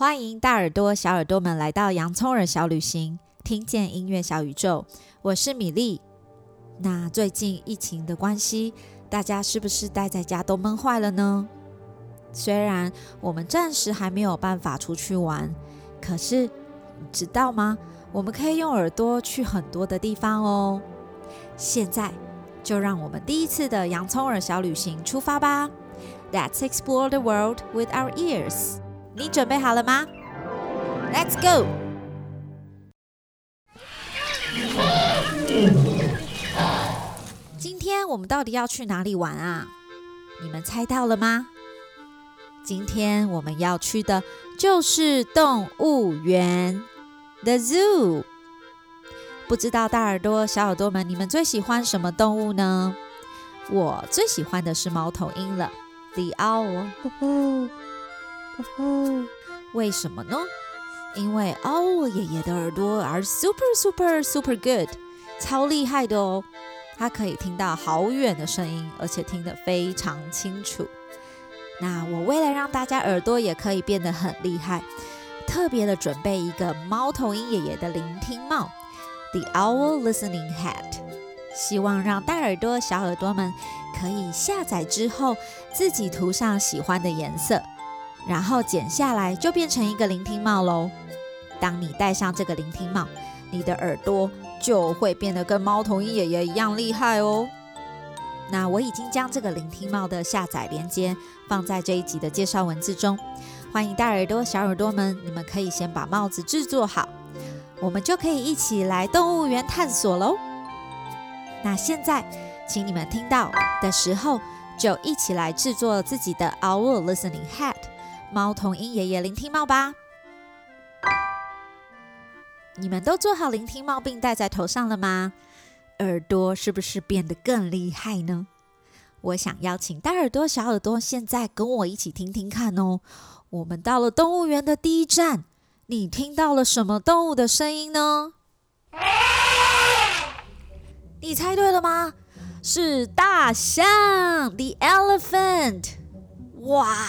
歡迎大耳朵、小耳朵們來到洋蔥耳小旅行，聽見音樂小宇宙。我是米粒。那最近疫情的關係，大家是不是待在家都悶壞了呢？雖然我們暫時還沒有辦法出去玩，可是你知道嗎？我們可以用耳朵去很多的地方哦。現在就讓我們第一次的洋蔥耳小旅行出發吧。Let's explore the world with our ears. 你準備好了嗎？Let's go！今天我們到底要去哪裡玩啊？你們猜到了嗎？今天我們要去的就是動物園，The Zoo。不知道大耳朵、小耳朵們，你們最喜歡什麼動物呢？我最喜歡的是貓頭鷹了，The Owl。為什麼呢？因為 owl、哦、爺爺的耳朵 are super super super good，超厲害的哦！他可以聽到好遠的聲音，而且聽得非常清楚。那我為了讓大家耳朵也可以變得很厲害，特別的準備一個貓頭鷹爺爺的聆聽帽，the owl listening hat，希望讓大耳朵小耳朵們可以下載之後自己塗上喜歡的顏色。然後剪下來就變成一個聆聽帽嘍。當你戴上這個聆聽帽，你的耳朵就會變得跟貓頭鷹爺爺一樣厲害哦。那我已經將這個聆聽帽的下載連結放在這一集的介紹文字中，歡迎大耳朵、小耳朵們，你們可以先把帽子制作好，我們就可以一起來動物園探索嘍。那現在，請你們聽到的時候就一起來制作自己的 Our Listening Hat。貓頭鷹爺爺，聆聽帽吧！你們都做好聆聽帽並戴在頭上了嗎？耳朵是不是變得更厲害呢？我想邀請大耳朵、小耳朵，現在跟我一起聽聽看哦。我們到了動物園的第一站，你聽到了什麼動物的聲音呢？你猜對了嗎？是大象，the elephant。哇！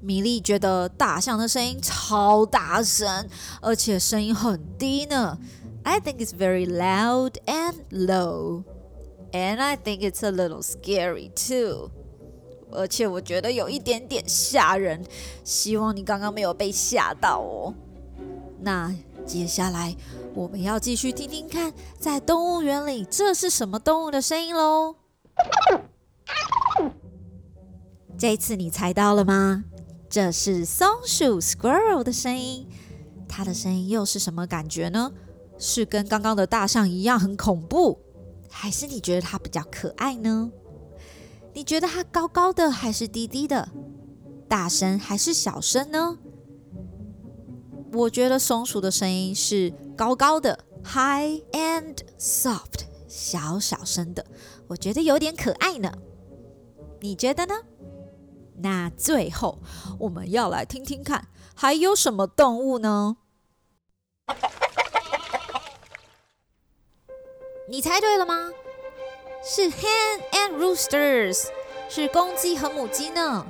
米莉覺得大象的聲音超大聲，而且聲音很低呢。I think it's very loud and low, and I think it's a little scary too。而且我覺得有一點點嚇人，希望你剛剛沒有被嚇到哦。那接下來我們要繼續聽聽聽看，在動物園裡這是什麼動物的聲音嘍？這次你猜到了嗎？這是松鼠 squirrel 的聲音，它的聲音又是什麼感覺呢？是跟剛剛的大象一樣很恐怖，還是你覺得它比較可愛呢？你覺得它高高的還是低低的？大聲還是小聲呢？我覺得松鼠的聲音是高高的，high and soft，小小聲的，我覺得有點可愛呢。你覺得呢？那最後，我們要來聽聽看還有什麼動物呢？你猜對了嗎？是 hen and roosters，是公雞和母雞呢。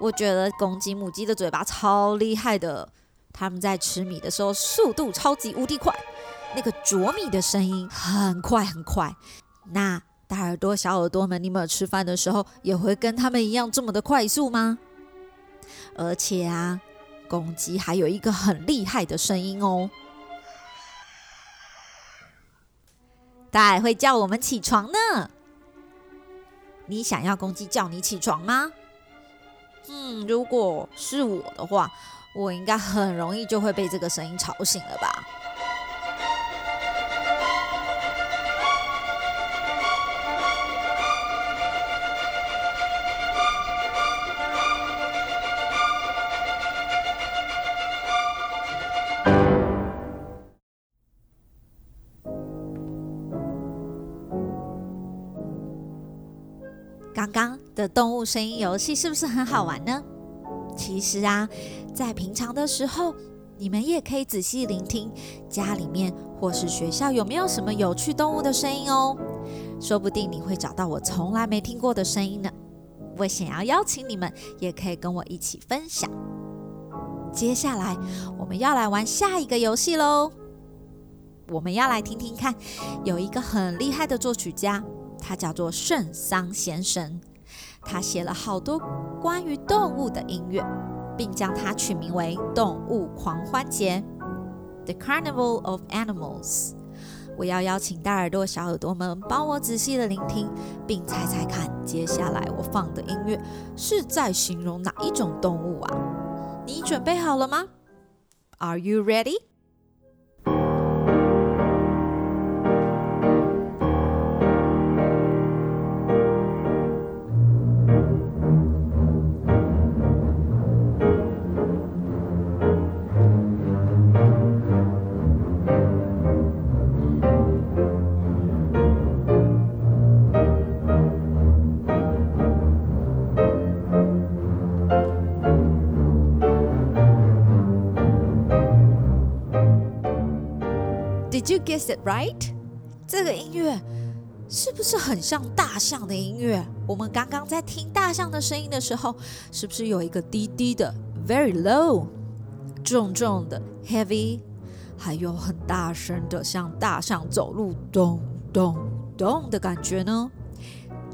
我覺得公雞母雞的嘴巴超厲害的，他們在吃米的時候，速度超級無敵快，那個啄米的聲音很快很快。那大耳朵、小耳朵們，你們吃飯的時候也會跟他們一樣這麼的快速嗎？而且啊，公雞還有一個很厲害的聲音哦，它還會叫我們起床呢。你想要公雞叫你起床嗎？嗯，如果是我的話，我應該很容易就會被這個聲音吵醒了吧。的動物聲音遊戲是不是很好玩呢？其實啊，在平常的時候，你們也可以仔細聆聽家裡面或是學校有沒有什麼有趣動物的聲音哦。說不定你會找到我從來沒聽過的聲音呢。我想要邀請你們，也可以跟我一起分享。接下來我們要來玩下一個遊戲嘍。我們要來聽聽看，有一個很厲害的作曲家，他叫做聖桑先生。他寫了好多關於動物的音樂，並將它取名為《動物狂歡節》（The Carnival of Animals）。我要邀請大耳朵、小耳朵們幫我仔細的聆聽，並猜猜看接下來我放的音樂是在形容哪一種動物啊？你準備好了嗎？Are you ready? Do you guess it right？這個音樂是不是很像大象的音樂？我們剛剛在聽大象的聲音的時候，是不是有一個低低的，very low，重重的，heavy，還有很大聲的，像大象走路咚咚咚的感覺呢？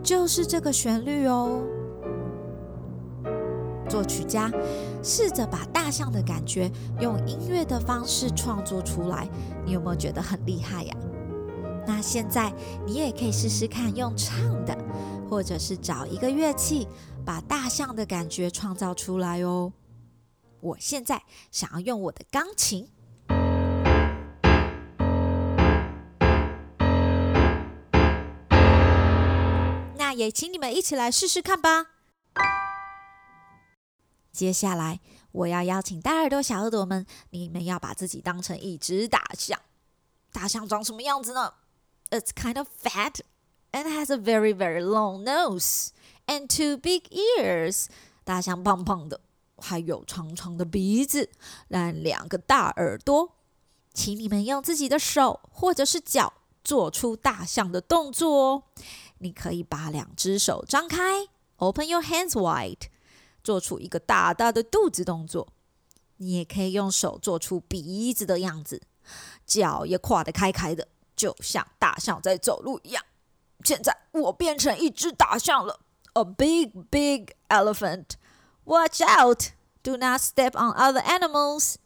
就是這個旋律哦。作曲家試着把大象的感覺用音樂的方式創作出來，你有沒有覺得很厲害呀？那現在你也可以試試看，用唱的，或者是找一個樂器，把大象的感覺創造出來哦。我現在想要用我的鋼琴，那也請你們一起來試試看吧。接下來，我要邀請大耳朵小耳朵們，你們要把自己當成一隻大象。大象長什麼樣子呢？It's kind of fat and has a very, very long nose and two big ears。大象胖胖的，還有長長的鼻子，然後兩個大耳朵。請你們用自己的手或者是腳做出大象的動作哦。你可以把兩隻手張開，Open your hands wide。做出一個大大的肚子動作，你也可以用手做出鼻子的樣子，腳也跨得開開的，就像大象在走路一樣。現在我變成一隻大象了，A big big elephant。Watch out! Do not step on other animals。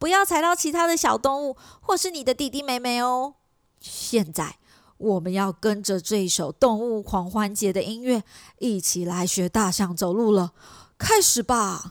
不要踩到其他的小動物或是你的弟弟妹妹哦。現在我們要跟着這首動物狂歡節的音樂，一起來學大象走路了。開始吧。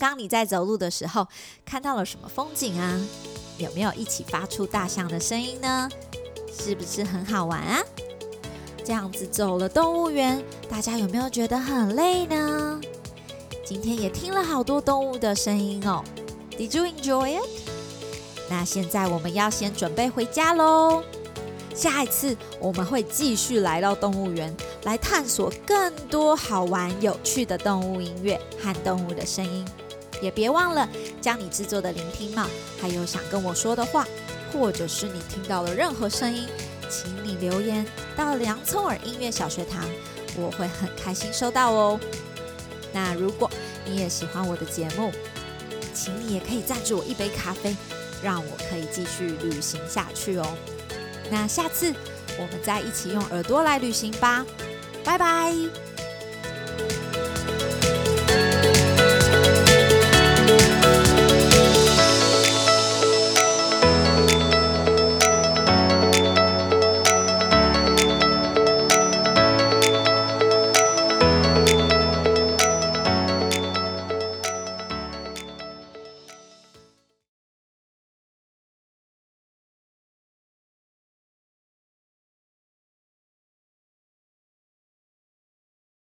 剛你在走路的時候看到了什麼風景啊？有沒有一起發出大象的聲音呢？是不是很好玩啊？這樣子走了動物園，大家有沒有覺得很累呢？今天也聽了好多動物的聲音哦。Did you enjoy it？那現在我們要先準備回家嘍。下一次我們會繼續來到動物園，來探索更多好玩有趣的動物音樂和動物的聲音。也別忘了將你製作的聆聽帽，還有想跟我說的話，或者是你聽到了任何聲音，請你留言到洋蔥耳音樂小學堂，我會很開心收到哦。那如果你也喜歡我的節目，請你也可以贊助我一杯咖啡，讓我可以繼續旅行下去哦。那下次我們再一起用耳朵來旅行吧，拜拜。